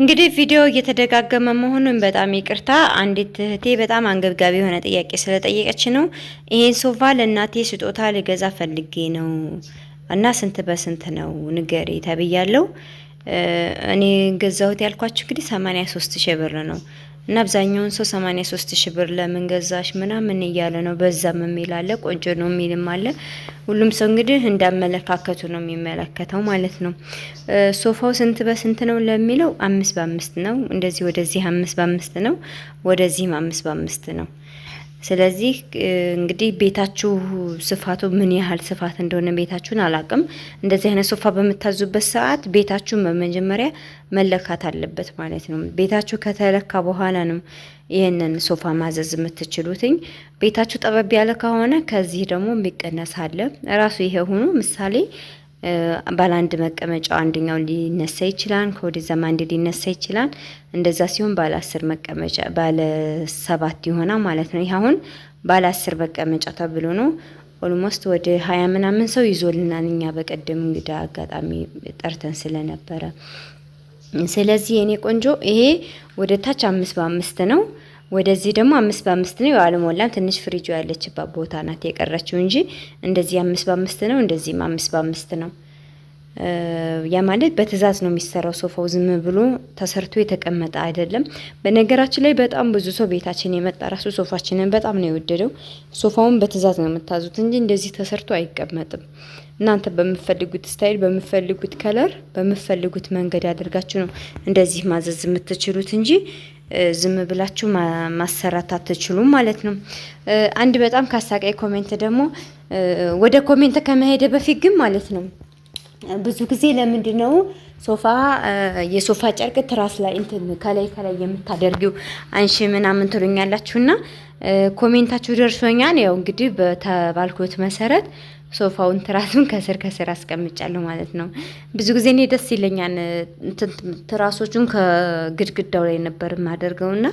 እንግዲህ ቪዲዮ እየተደጋገመ መሆኑን በጣም ይቅርታ። አንዲት እህቴ በጣም አንገብጋቢ የሆነ ጥያቄ ስለጠየቀች ነው። ይሄን ሶፋ ለእናቴ ስጦታ ልገዛ ፈልጌ ነው እና ስንት በስንት ነው ንገሪ ተብያለው? እኔ ገዛሁት ያልኳችሁ እንግዲህ 83 ሺህ ብር ነው እና አብዛኛውን ሰው 83 ሺህ ብር ለምን ገዛሽ ምናምን እያለ ነው። በዛም የሚል አለ፣ ቆንጆ ነው የሚልም አለ። ሁሉም ሰው እንግዲህ እንዳመለካከቱ ነው የሚመለከተው ማለት ነው። ሶፋው ስንት በስንት ነው ለሚለው አምስት በአምስት ነው። እንደዚህ ወደዚህ አምስት በአምስት ነው፣ ወደዚህም አምስት በአምስት ነው። ስለዚህ እንግዲህ ቤታችሁ ስፋቱ ምን ያህል ስፋት እንደሆነ ቤታችሁን አላቅም። እንደዚህ አይነት ሶፋ በምታዙበት ሰዓት ቤታችሁ በመጀመሪያ መለካት አለበት ማለት ነው። ቤታችሁ ከተለካ በኋላ ነው ይህንን ሶፋ ማዘዝ የምትችሉትኝ። ቤታችሁ ጠበብ ያለ ከሆነ ከዚህ ደግሞ የሚቀነስ አለ ራሱ ይሄ ሁኑ ምሳሌ ባለ አንድ መቀመጫው አንደኛው ሊነሳ ይችላል፣ ከወደዛም አንድ ሊነሳ ይችላል። እንደዛ ሲሆን ባለ አስር መቀመጫ ባለ ሰባት ይሆና ማለት ነው። ይህ አሁን ባለ አስር መቀመጫ ተብሎ ነው። ኦልሞስት ወደ ሀያ ምናምን ሰው ይዞልናል። እኛ በቀደም እንግዳ አጋጣሚ ጠርተን ስለነበረ ስለዚህ የኔ ቆንጆ ይሄ ወደ ታች አምስት በአምስት ነው። ወደዚህ ደግሞ አምስት በአምስት ነው ያልሞላም ትንሽ ፍሪጅ ያለችባት ቦታ ናት የቀረችው እንጂ እንደዚህ አምስት በአምስት ነው፣ እንደዚህም አምስት በአምስት ነው። ያ ማለት በትእዛዝ ነው የሚሰራው። ሶፋው ዝም ብሎ ተሰርቶ የተቀመጠ አይደለም። በነገራችን ላይ በጣም ብዙ ሰው ቤታችን የመጣ ራሱ ሶፋችንን በጣም ነው የወደደው። ሶፋውን በትዛዝ ነው የምታዙት እንጂ እንደዚህ ተሰርቶ አይቀመጥም። እናንተ በምፈልጉት ስታይል፣ በምፈልጉት ከለር፣ በምፈልጉት መንገድ አድርጋችሁ ነው እንደዚህ ማዘዝ የምትችሉት እንጂ ዝም ብላችሁ ማሰራት አትችሉም ማለት ነው። አንድ በጣም ካሳቃይ ኮሜንት ደግሞ ወደ ኮሜንት ከመሄደ በፊት ግን ማለት ነው ብዙ ጊዜ ለምንድን ነው ሶፋ የሶፋ ጨርቅ ትራስ ላይ እንትን ከላይ ከላይ የምታደርጊው አንሺ ምናምን ትሉኛላችሁና ኮሜንታችሁ ደርሶኛል። ያው እንግዲህ በተባልኩት መሰረት ሶፋውን ትራሱን ከስር ከስር አስቀምጫለሁ ማለት ነው። ብዙ ጊዜ እኔ ደስ ይለኛል ትራሶቹን ከግድግዳው ላይ ነበር የማደርገውና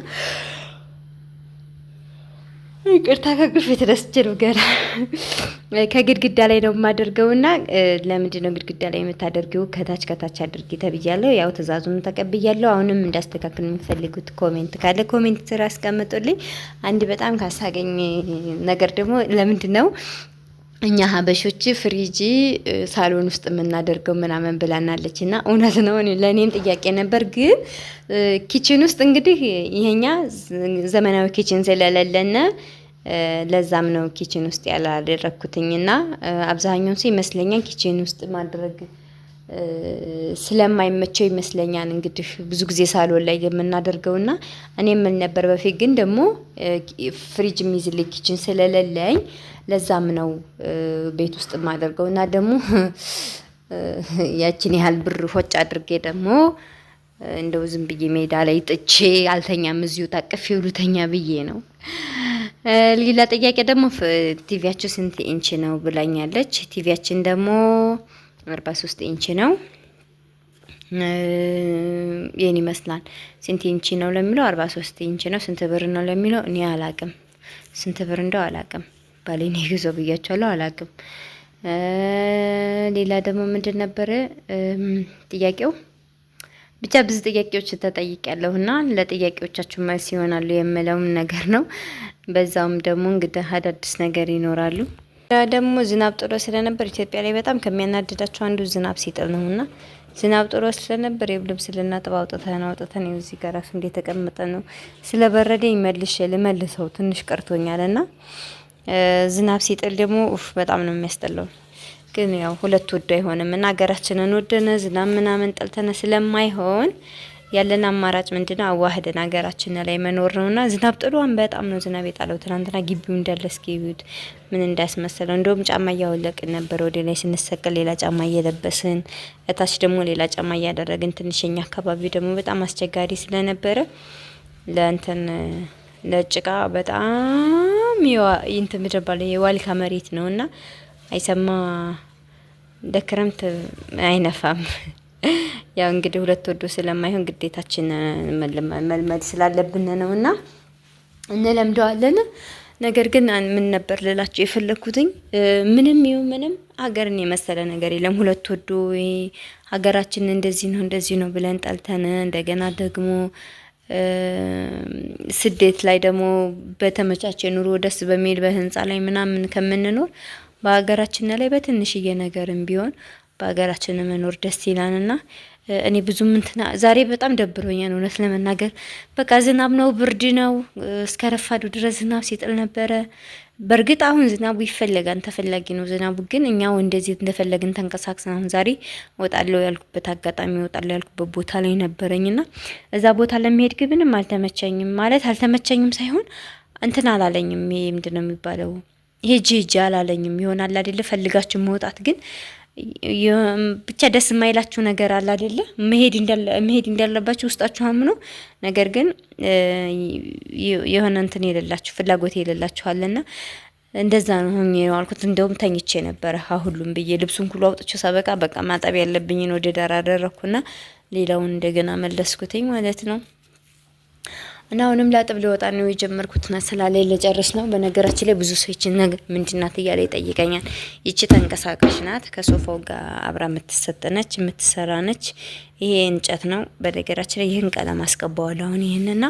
ይቅርታ ከቅፍ የተደስቼ ነው። ገና ከግድግዳ ላይ ነው የማደርገው እና ለምንድን ነው ግድግዳ ላይ የምታደርጊው? ከታች ከታች አድርጊ ተብያለሁ። ያው ትእዛዙን ተቀብያለሁ። አሁንም እንዳስተካክል የሚፈልጉት ኮሜንት ካለ ኮሜንት ስራ አስቀምጡልኝ። አንድ በጣም ካሳገኝ ነገር ደግሞ ለምንድን ነው እኛ ሀበሾች ፍሪጂ ሳሎን ውስጥ የምናደርገው ምናምን ብላናለች እና እውነት ነው። ለእኔም ጥያቄ ነበር። ግን ኪችን ውስጥ እንግዲህ ይሄኛ ዘመናዊ ኪችን ስለሌለነ ለዛም ነው ኪችን ውስጥ ያላደረግኩትኝና አብዛኛውን ሰው ይመስለኛል ኪችን ውስጥ ማድረግ ስለማይመቸው ይመስለኛል እንግዲህ ብዙ ጊዜ ሳሎን ላይ የምናደርገውና እኔ የምል ነበር በፊት ግን ደግሞ ፍሪጅ የሚይዝልኝ ኪችን ስለሌለኝ ለዛም ነው ቤት ውስጥ የማደርገው እና ደግሞ ያችን ያህል ብር ሆጭ አድርጌ ደግሞ እንደው ዝም ብዬ ሜዳ ላይ ጥቼ አልተኛም፣ እዚሁ ታቅፌ ይውሉተኛ ብዬ ነው። ሌላ ጥያቄ ደግሞ ቲቪያችሁ ስንት ኢንች ነው ብላኛለች። ቲቪያችን ደግሞ 43 ኢንች ነው። ይህን ይመስላል። ስንት ኢንች ነው ለሚለው 43 ኢንች ነው። ስንት ብር ነው ለሚለው እኔ አላቅም፣ ስንት ብር እንደው አላቅም። ባሌ እኔ ግዞ ብያቸዋለሁ፣ አላቅም። ሌላ ደግሞ ምንድን ነበረ ጥያቄው? ብቻ ብዙ ጥያቄዎች ተጠይቅ ያለሁ እና ለጥያቄዎቻችሁ መልስ ይሆናሉ የምለውም ነገር ነው። በዛውም ደግሞ እንግዲህ አዳዲስ ነገር ይኖራሉ። ደግሞ ዝናብ ጥሎ ስለነበር ኢትዮጵያ ላይ በጣም ከሚያናድዳቸው አንዱ ዝናብ ሲጥል ነው እና ዝናብ ጥሎ ስለነበር የብ ልብስ ልናጥብ አውጥተን አውጥተን እዚህ ጋር ራሱ እንደተቀመጠ ነው። ስለ በረደኝ መልሼ ልመልሰው ትንሽ ቀርቶኛል እና ዝናብ ሲጥል ደግሞ ኡፍ በጣም ነው የሚያስጠላው። ግን ያው ሁለት ወዶ አይሆንም እና ሀገራችንን ወደነ ዝናብ ምናምን ጠልተነ ስለማይሆን ያለን አማራጭ ምንድነው? አዋህደን ሀገራችን ላይ መኖር ና ዝናብ ጥሏን በጣም ነው ዝናብ የጣለው ትናንትና። ግቢው እንዳለ እስኪ ምን እንዳስመሰለው። እንደውም ጫማ እያወለቅን ነበር ወደ ላይ ስንሰቀል፣ ሌላ ጫማ እየለበስን እታች ደግሞ ሌላ ጫማ እያደረግን፣ ትንሽኛ አካባቢ ደግሞ በጣም አስቸጋሪ ስለነበረ ለእንትን ለጭቃ በጣም ይንትን ምድርባለ የዋልካ መሬት ነውና አይሰማ ለክረምት አይነፋም። ያው እንግዲህ ሁለት ወዶ ስለማይሆን ግዴታችን መልመድ ስላለብን ነው እና እንለምደዋለን። ነገር ግን ምን ነበር ልላችሁ የፈለግኩትኝ ምንም ይሁን ምንም ሀገርን የመሰለ ነገር የለም። ሁለት ወዶ ሀገራችን እንደዚህ ነው እንደዚህ ነው ብለን ጠልተን እንደገና ደግሞ ስደት ላይ ደግሞ በተመቻቸ ኑሮ ደስ በሚል በህንፃ ላይ ምናምን ከምንኖር በሀገራችን ላይ በትንሽዬ ነገርም ቢሆን በሀገራችን መኖር ደስ ይላል እና እኔ ብዙም እንትና ዛሬ በጣም ደብሮኛል እውነት ለመናገር በቃ ዝናብ ነው፣ ብርድ ነው። እስከ ረፋዱ ድረስ ዝናብ ሲጥል ነበረ። በእርግጥ አሁን ዝናቡ ይፈለጋል፣ ተፈላጊ ነው ዝናቡ። ግን እኛው እንደዚህ እንደፈለግን ተንቀሳቅሰን አሁን ዛሬ ወጣለው ያልኩበት አጋጣሚ ወጣለው ያልኩበት ቦታ ላይ ነበረኝና እዛ ቦታ ለመሄድ ግብንም አልተመቸኝም። ማለት አልተመቸኝም ሳይሆን እንትን አላለኝም። ይሄ ምንድን ነው የሚባለው? ሄጂ ሄጂ አላለኝም። ይሆናል አይደለ ፈልጋችሁ መውጣት ግን ብቻ ደስ የማይላችሁ ነገር አለ አይደለ? መሄድ እንዳለባችሁ ውስጣችሁ አምኖ ነገር ግን የሆነ እንትን የሌላችሁ ፍላጎት የሌላችኋልና እንደዛ ነው ሆኜ ነው አልኩት። እንደውም ተኝቼ ነበረ ሁሉም ብዬ ልብሱን ሁሉ አውጥቼ ሳበቃ በቃ ማጠብ ያለብኝን ወደ ዳር አደረግኩና ሌላውን እንደገና መለስኩትኝ ማለት ነው። እና አሁንም ላጥብ ልወጣ ነው የጀመርኩትና ስላለኝ ልጨርስ ነው። በነገራችን ላይ ብዙ ሰዎች ነገ ምንድናት እያለ ይጠይቀኛል። ይቺ ተንቀሳቃሽ ናት፣ ከሶፋው ጋር አብራ የምትሰጥነች የምትሰራ ነች። ይሄ እንጨት ነው። በነገራችን ላይ ይህን ቀለም አስቀባዋለሁ። አሁን ይህንና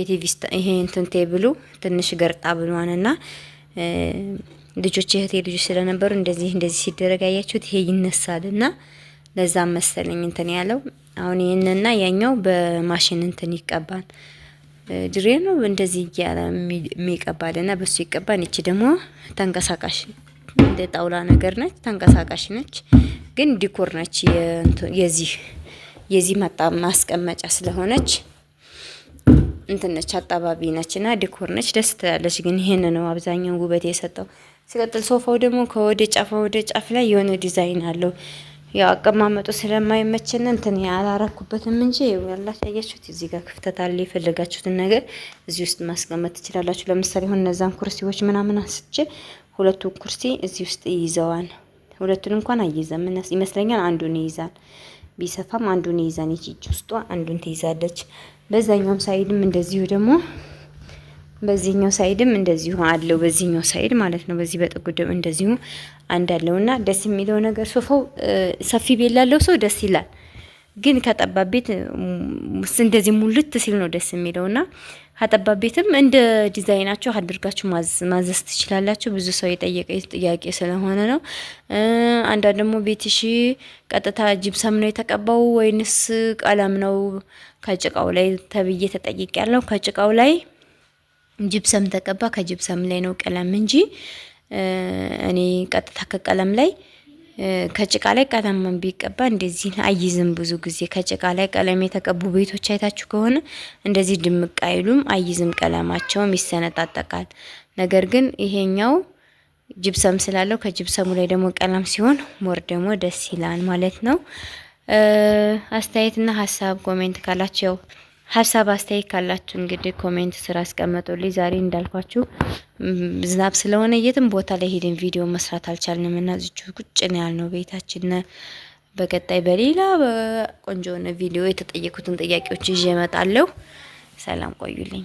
የቲቪ ይሄ እንትን ቴብሉ ትንሽ ገርጣ ብሏንና ልጆች እህቴ ልጆች ስለነበሩ እንደዚህ እንደዚህ ሲደረግ አያችሁት፣ ይሄ ይነሳልና ለዛም መሰለኝ እንትን ያለው አሁን ይህንና ያኛው በማሽን እንትን ይቀባል። ድሬ ነው እንደዚህ እያለ የሚቀባል በሱ ይቀባን። ይቺ ደግሞ ተንቀሳቃሽ እንደ ጣውላ ነገር ነች፣ ተንቀሳቃሽ ነች፣ ግን ዲኮር ነች። የዚህ የዚህ ማስቀመጫ ስለሆነች እንትን ነች፣ አጣባቢ ነች እና ዲኮር ነች፣ ደስ ትላለች። ግን ይሄን ነው አብዛኛውን ውበት የሰጠው። ሲቀጥል ሶፋው ደግሞ ከወደ ጫፍ ወደ ጫፍ ላይ የሆነ ዲዛይን አለው። ያው አቀማመጡ ስለማይመቸን እንትን ያላረኩበትም እንጂ ያላሳያችሁት እዚህ ጋር ክፍተት አለ። የፈለጋችሁትን ነገር እዚህ ውስጥ ማስቀመጥ ትችላላችሁ። ለምሳሌ ሁን እነዛን ኩርሲዎች ምናምን አንስቼ ሁለቱ ኩርሲ እዚህ ውስጥ ይይዘዋል። ሁለቱን እንኳን አይይዘም ይመስለኛል፣ አንዱን ይይዛል። ቢሰፋም አንዱን ይይዛን ይቺ ውስጧ አንዱን ትይዛለች። በዛኛውም ሳይድም እንደዚሁ ደግሞ በዚህኛው ሳይድም እንደዚሁ አለው። በዚህኛው ሳይድ ማለት ነው። በዚህ በጥጉ እንደዚሁ አንዳለው እና ደስ የሚለው ነገር ሶፋው ሰፊ ቤት ላለው ሰው ደስ ይላል፣ ግን ከጠባብ ቤት እንደዚህ ሙልት ሲል ነው ደስ የሚለው እና ከጠባብ ቤትም እንደ ዲዛይናቸው አድርጋችሁ ማዘዝ ትችላላችሁ። ብዙ ሰው የጠየቀ ጥያቄ ስለሆነ ነው። አንዳንድ ደግሞ ቤትሽ ቀጥታ ጅብሰም ነው የተቀባው ወይንስ ቀለም ነው ከጭቃው ላይ ተብዬ ተጠይቅ ያለው ከጭቃው ላይ ጅብሰም ተቀባ፣ ከጅብሰም ላይ ነው ቀለም እንጂ እኔ ቀጥታ ከቀለም ላይ ከጭቃ ላይ ቀለም ቢቀባ እንደዚህ አይዝም። ብዙ ጊዜ ከጭቃ ላይ ቀለም የተቀቡ ቤቶች አይታችሁ ከሆነ እንደዚህ ድምቅ አይሉም፣ አይዝም፣ ቀለማቸውም ይሰነጣጠቃል። ነገር ግን ይሄኛው ጅብሰም ስላለው ከጅብሰሙ ላይ ደግሞ ቀለም ሲሆን ሞር ደግሞ ደስ ይላል ማለት ነው። አስተያየትና ሀሳብ ኮሜንት ካላቸው ሀሳብ አስተያየት ካላችሁ እንግዲህ ኮሜንት ስራ አስቀመጡልኝ። ዛሬ እንዳልኳችሁ ዝናብ ስለሆነ የትም ቦታ ላይ ሄድን ቪዲዮ መስራት አልቻልንም እና እዚሁ ቁጭ ነው ያልነው ቤታችን። በቀጣይ በሌላ በቆንጆ ሆነ ቪዲዮ የተጠየቁትን ጥያቄዎች ይዤ እመጣለሁ። ሰላም ቆዩልኝ።